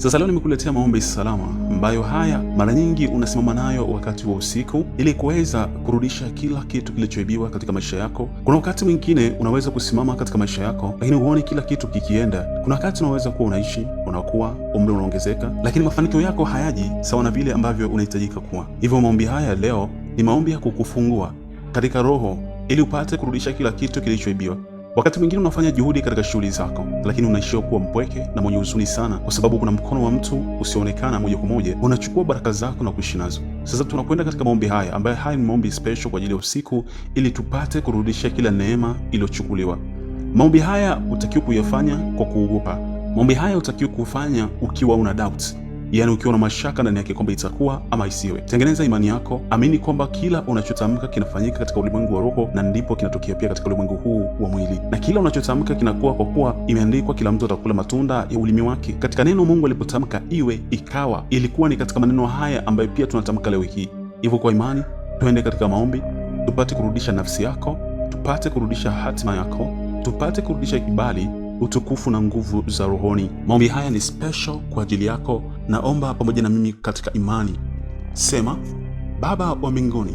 Sasa leo nimekuletea maombi salama ambayo haya mara nyingi unasimama nayo wakati wa usiku ili kuweza kurudisha kila kitu kilichoibiwa katika maisha yako. Kuna wakati mwingine unaweza kusimama katika maisha yako, lakini huoni kila kitu kikienda. Kuna wakati unaweza kuwa unaishi, unakuwa, umri unaongezeka, lakini mafanikio yako hayaji sawa na vile ambavyo unahitajika kuwa. Hivyo maombi haya leo ni maombi ya kukufungua katika roho ili upate kurudisha kila kitu kilichoibiwa. Wakati mwingine unafanya juhudi katika shughuli zako, lakini unaishia kuwa mpweke na mwenye huzuni sana, kwa sababu kuna mkono wa mtu usioonekana moja kwa moja unachukua baraka zako na kuishi nazo. Sasa tunakwenda katika maombi haya ambayo haya ni maombi special kwa ajili ya usiku, ili tupate kurudisha kila neema iliyochukuliwa. Maombi haya utakiwa kuyafanya kwa kuogopa. Maombi haya utakiwa kufanya ukiwa una doubt yani ukiwa na mashaka ndani yake kwamba itakuwa ama isiwe. Tengeneza imani yako, amini kwamba kila unachotamka kinafanyika katika ulimwengu wa roho na ndipo kinatokea pia katika ulimwengu huu wa mwili, na kila unachotamka kinakuwa, kwa kuwa imeandikwa, kila mtu atakula matunda ya ulimi wake. Katika neno Mungu alipotamka iwe, ikawa, ilikuwa ni katika maneno haya ambayo pia tunatamka leo hii. Hivyo kwa imani tuende katika maombi, tupate kurudisha nafsi yako, tupate kurudisha hatima yako, tupate kurudisha kibali, utukufu na nguvu za rohoni. Maombi haya ni special kwa ajili yako naomba pamoja na mimi katika imani. Sema: Baba wa mbinguni,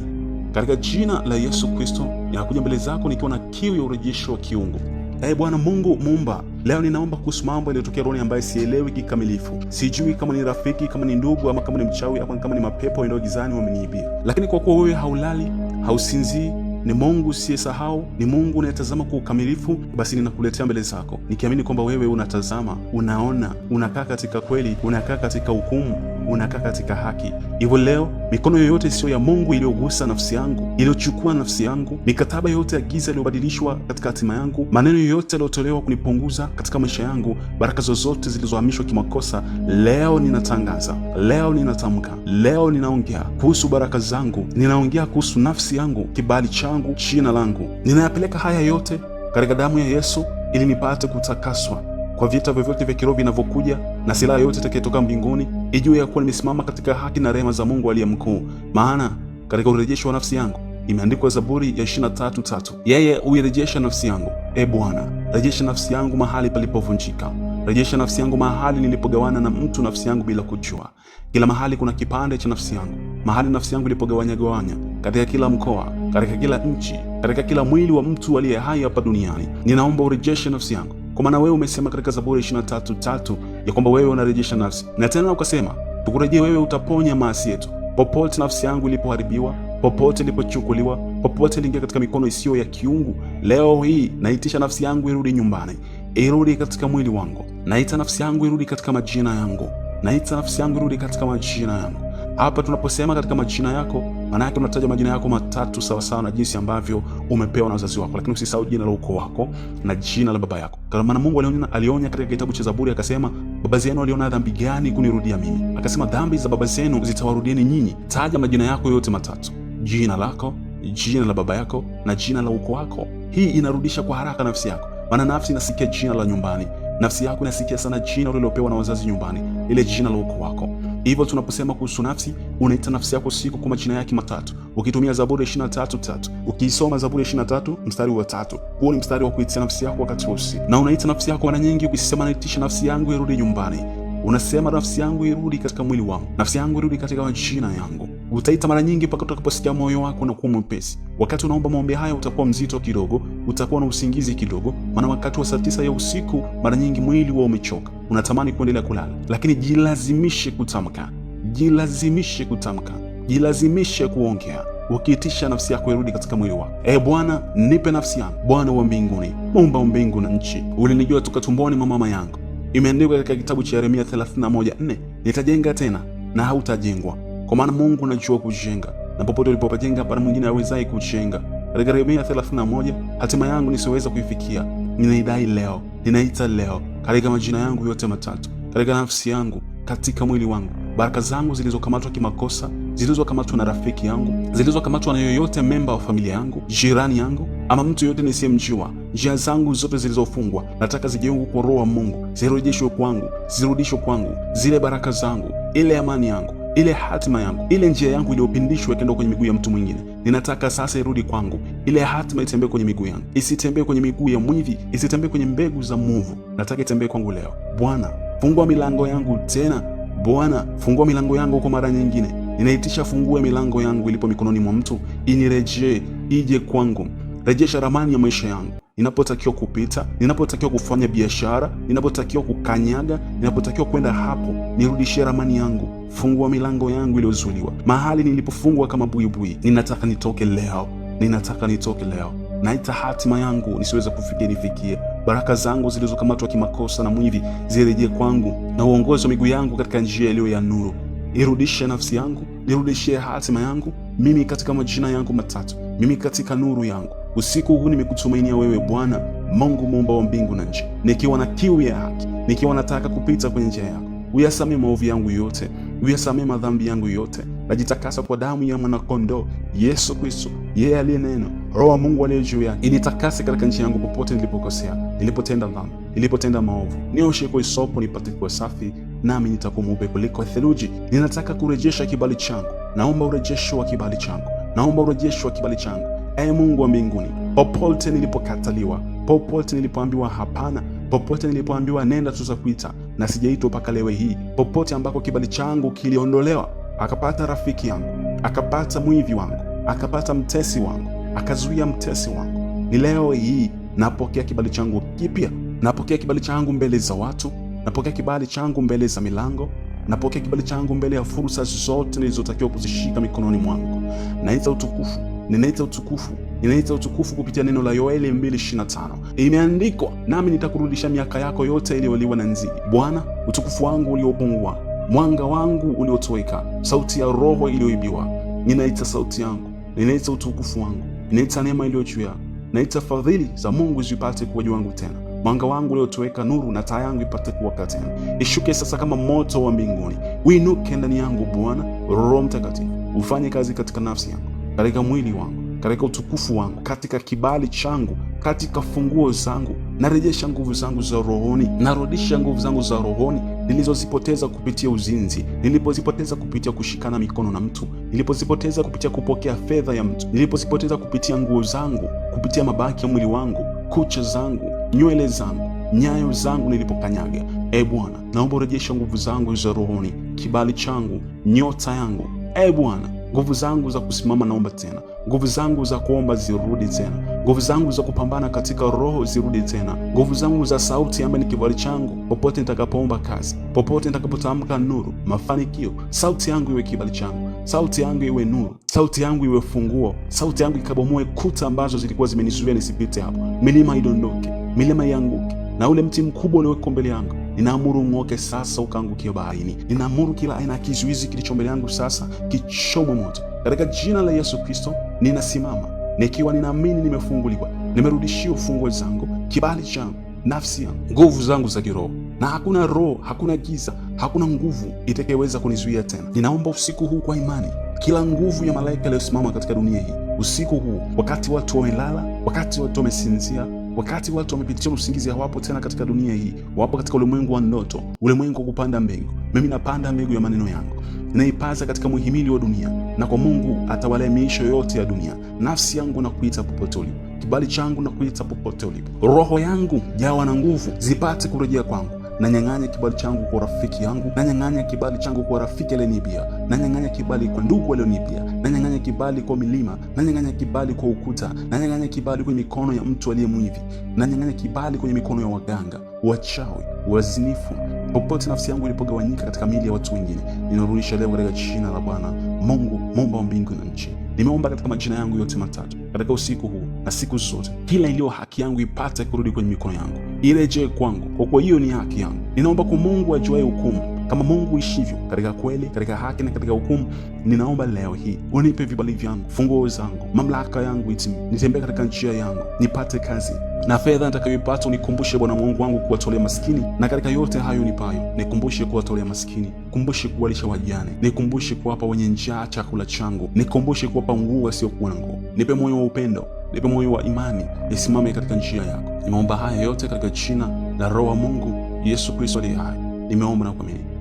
katika jina la Yesu Kristo ninakuja mbele zako nikiwa na kiu ya urejesho wa kiungu. Ee Bwana Mungu mumba leo ninaomba kuhusu mambo yaliyotokea roni ambaye sielewi kikamilifu. Sijui kama ni rafiki, kama ni ndugu, ama kama ni mchawi, ama kama ni mapepo yanayo gizani wameniibia. Lakini kwa kuwa wewe haulali, hausinzii ni Mungu sahau ni Mungu unayetazama kwa ukamilifu, basi ninakuletea mbele zako nikiamini kwamba wewe unatazama, unaona, unakaa katika kweli, unakaa katika hukumu unakaa katika haki. Hivyo leo mikono yoyote isiyo ya Mungu iliyogusa nafsi yangu, iliyochukua nafsi yangu, mikataba yoyote ya giza iliyobadilishwa katika hatima yangu, maneno yoyote yaliyotolewa kunipunguza katika maisha yangu, baraka zozote zilizohamishwa kimakosa, leo ninatangaza, leo ninatamka, leo ninaongea kuhusu baraka zangu, ninaongea kuhusu nafsi yangu, kibali changu, jina langu, ninayapeleka haya yote katika damu ya Yesu ili nipate kutakaswa kwa vita vyovyote vya kirobi vinavyokuja na silaha yote itakayotoka mbinguni, ijue ya kuwa nimesimama katika haki na rehema za Mungu aliye mkuu. Maana katika urejesho wa nafsi yangu imeandikwa Zaburi ya 23:3, yeye huirejesha nafsi yangu. E Bwana, rejesha nafsi yangu mahali palipovunjika, rejesha nafsi yangu mahali nilipogawana na mtu nafsi yangu bila kujua. Kila mahali kuna kipande cha nafsi yangu, mahali nafsi yangu ilipogawanya gawanya, katika kila mkoa, katika kila nchi, katika kila mwili wa mtu aliye hai hapa duniani, ninaomba urejeshe nafsi yangu kwa maana wewe umesema katika Zaburi 23:3 ya kwamba wewe unarejesha nafsi, na tena ukasema tukurejee wewe, utaponya maasi yetu. Popote nafsi yangu ilipoharibiwa, popote ilipochukuliwa, popote iliingia katika mikono isiyo ya kiungu, leo hii naitisha nafsi yangu irudi nyumbani, irudi katika mwili wangu. Naita nafsi yangu irudi katika majina yangu, naita nafsi yangu irudi katika majina yangu. Hapa tunaposema katika majina yako maana yake unataja majina yako matatu sawasawa na jinsi ambavyo umepewa na wazazi wako, lakini usisahau jina la ukoo wako na jina la baba yako. Kwa maana Mungu alionya, alionya katika kitabu cha Zaburi akasema, baba zenu waliona dhambi gani kunirudia mimi? Akasema dhambi za baba zenu zitawarudieni nyinyi. Taja majina yako yote matatu, jina lako, jina la baba yako na jina la ukoo wako. Hii inarudisha kwa haraka nafsi yako, maana nafsi inasikia jina la nyumbani. Nafsi yako inasikia sana jina ulilopewa na wazazi nyumbani, ile jina la ukoo wako Hivyo tunaposema kuhusu nafsi, unaita nafsi yako siku kwa majina yake matatu, ukitumia Zaburi tatu ukiisoma Zaburi tatu mstari wa tatu, huo ni mstari wa kuitia nafsi yako wakati wosi Na unaita nafsi yako mara nyingi ukisema, naitisha nafsi yangu irudi nyumbani. Unasema, nafsi yangu irudi katika mwili wangu, nafsi yangu irudi katika majina yangu. Utaita mara nyingi mpaka utakaposikia moyo wako na kuwa mwepesi. Wakati unaomba maombi haya utakuwa mzito kidogo, utakuwa na usingizi kidogo, maana wakati wa saa tisa ya usiku mara nyingi mwili huwa umechoka, unatamani kuendelea kulala. Lakini jilazimishe kutamka, jilazimishe kutamka, jilazimishe kuongea ukiitisha nafsi yako irudi katika mwili wako. E Bwana, nipe nafsi yangu. Bwana wa mbinguni, muumba wa mbingu na nchi, ulinijua toka tumboni mwa mama yangu. Imeandikwa katika kitabu cha Yeremia 31:4 nitajenga tena na hautajengwa kwa maana Mungu anajua kujenga, na popote ulipopajenga hapana mwingine awezaye kujenga. Katika Yeremia 31, hatima yangu nisiweza kuifikia ninaidai leo, ninaita leo, katika majina yangu yote matatu, katika nafsi yangu, katika mwili wangu, baraka zangu zilizokamatwa kimakosa, zilizokamatwa na rafiki yangu, zilizokamatwa na yoyote memba wa familia yangu, jirani yangu ama mtu yoyote nisiyemjua. Njia zangu zote zilizofungwa nataka zijengwe kwa Roho wa Mungu, zirejeshwe kwangu, zirudishwe kwangu, zile baraka zangu, ile amani yangu ile hatima yangu, ile njia yangu iliyopindishwa ikaenda kwenye miguu ya mtu mwingine, ninataka sasa irudi kwangu. Ile hatima itembee kwenye miguu yangu, isitembee kwenye miguu ya mwivi, isitembee kwenye mbegu za mwovu. Nataka itembee kwangu leo. Bwana, fungua milango yangu tena. Bwana, fungua milango yangu kwa mara nyingine. Ninaitisha, fungue milango yangu ilipo mikononi mwa mtu, inirejee, ije kwangu, rejesha ramani ya maisha yangu ninapotakiwa kupita, ninapotakiwa kufanya biashara, ninapotakiwa kukanyaga, ninapotakiwa kwenda, hapo nirudishie ramani yangu, fungua milango yangu iliyozuliwa, mahali nilipofungwa kama buibui. Ninataka nitoke leo, ninataka nitoke leo. Naita hatima yangu nisiweze kufikia, nifikie baraka zangu zilizokamatwa kimakosa na mwivi zirejee kwangu, na uongozi wa miguu yangu katika njia iliyo ya nuru. Nirudishe nafsi yangu, nirudishie hatima yangu, mimi katika majina yangu matatu, mimi katika nuru yangu Usiku huu nimekutumainia wewe Bwana Mungu muumba wa mbingu na nchi, nikiwa na kiu ya haki, nikiwa nataka kupita kwenye njia yako. Uyasamee maovu yangu yote, uyasamee madhambi yangu yote. Najitakasa kwa damu ya mwanakondoo Yesu Kristo, yeye aliye neno. Roho wa Mungu aliye juu yake initakase katika nchi yangu, popote nilipokosea, nilipotenda dhambi, nilipotenda maovu. Nioshe kwa isopo nipate kuwa safi, nami nitakuwa mweupe kuliko theluji. Ninataka kurejesha kibali changu, naomba urejesho wa kibali changu, naomba urejesho wa kibali changu Ee Mungu wa mbinguni, popote nilipokataliwa, popote nilipoambiwa hapana, popote nilipoambiwa nenda kuita na sijaitwa mpaka lewe hii, popote ambako kibali changu kiliondolewa, akapata rafiki yangu, akapata mwivi wangu, akapata mtesi wangu, akazuia mtesi wangu, ni leo hii napokea kibali changu kipya, napokea kibali changu mbele za watu, napokea kibali changu mbele za milango napokea kibali changu mbele ya fursa zote nilizotakiwa kuzishika mikononi mwangu. Naita utukufu ninaita utukufu ninaita utukufu kupitia neno la Yoeli 2:25 imeandikwa, nami nitakurudisha miaka yako yote iliyoliwa na nzige. Bwana, utukufu wangu uliopungua, mwanga wangu uliotoweka, sauti ya roho iliyoibiwa, ninaita sauti yangu, ninaita utukufu wangu, ninaita neema iliyo juu yako, naita fadhili za Mungu zipate kuwa juu yangu tena mwanga wangu uliotoweka, nuru na taa yangu ipate kuwaka tena. Ishuke sasa kama moto wa mbinguni, uinuke ndani yangu Bwana. Roho Mtakatifu ufanye kazi katika nafsi yangu katika mwili wangu, katika utukufu wangu, katika kibali changu, katika funguo zangu. Narejesha nguvu zangu za rohoni, narudisha nguvu zangu za rohoni nilizozipoteza kupitia uzinzi, nilipozipoteza kupitia kushikana mikono na mtu, nilipozipoteza kupitia kupokea fedha ya mtu, nilipozipoteza kupitia nguo zangu, kupitia mabaki ya mwili wangu, kucha zangu, nywele zangu, nyayo zangu nilipokanyaga. E Bwana, naomba urejesha nguvu zangu za rohoni, kibali changu, nyota yangu, e Bwana Nguvu zangu za kusimama naomba tena, nguvu zangu za kuomba zirudi tena, nguvu zangu za kupambana katika roho zirudi tena, nguvu zangu za sauti ambaye ni kivali changu, popote nitakapoomba kazi, popote nitakapotamka nuru, mafanikio, sauti yangu iwe kivali changu, sauti yangu iwe nuru, sauti yangu iwe funguo, sauti yangu ikabomoe kuta ambazo zilikuwa zimenizuia nisipite hapo, milima idondoke, milima ianguke, na ule mti mkubwa unaweko mbele yangu Ninaamuru ngoke sasa, ukaangukie baharini. Ninaamuru kila aina ya kizuizi kilicho mbele yangu sasa kichomwe moto katika jina la Yesu Kristo. Ninasimama nikiwa ninaamini nimefunguliwa, nimerudishiwa ufunguo zangu, kibali changu, nafsi yangu, nguvu zangu za kiroho na hakuna roho, hakuna giza, hakuna nguvu itakayeweza kunizuia tena. Ninaomba usiku huu kwa imani, kila nguvu ya malaika yaliyosimama katika dunia hii usiku huu, wakati watu wamelala, wakati watu wamesinzia Wakati watu wamepitisha usingizi, hawapo tena katika dunia hii, wapo katika ulimwengu wa ndoto, ulimwengu wa kupanda mbegu. Mimi napanda mbegu ya maneno yangu, naipaza katika muhimili wa dunia, na kwa Mungu atawalea miisho yote ya dunia. Nafsi yangu na kuita popote ulipo, kibali changu na kuita popote ulipo, roho yangu jawa na nguvu, zipate kurejea kwangu. Nanyang'anya kibali changu kwa rafiki yangu, nanyang'anya kibali changu kwa rafiki alenibia nanyang'anya kibali kwa ndugu walionipia, nanyang'anya kibali kwa milima, nanyang'anya kibali kwa ukuta, nanyang'anya kibali kwenye mikono ya mtu aliye mwivi, nanyang'anya kibali kwenye mikono ya waganga, wachawi, wazinifu. Popote nafsi yangu ilipogawanyika katika mili ya watu wengine, ninarudisha leo katika jina la Bwana Mungu mumba wa mbingu na nchi. Nimeomba katika majina yangu yote matatu katika usiku huu na siku zote, kila iliyo haki yangu ipate kurudi kwenye mikono yangu, irejee kwangu, kwa kuwa hiyo ni haki yangu. Ninaomba kwa Mungu ajuaye hukumu kama Mungu ishivyo, katika kweli, katika haki na katika hukumu. Ninaomba leo hii unipe vibali vyangu, funguo zangu, mamlaka yangu itimie, nitembee katika njia yangu, nipate kazi na fedha nitakayoipata unikumbushe, Bwana Mungu wangu, kuwatolea maskini, na katika yote hayo nipayo nikumbushe kuwatolea maskini, kumbushe kuwalisha wajane, nikumbushe kuwapa wenye njaa chakula changu, nikumbushe kuwapa nguo wasiokuwa na nguo. Nipe moyo wa upendo, nipe moyo wa imani, nisimame katika njia yako. Nimeomba haya yote katika jina la Roho wa Mungu Yesu Kristo aliye hai, nimeomba na kuamini.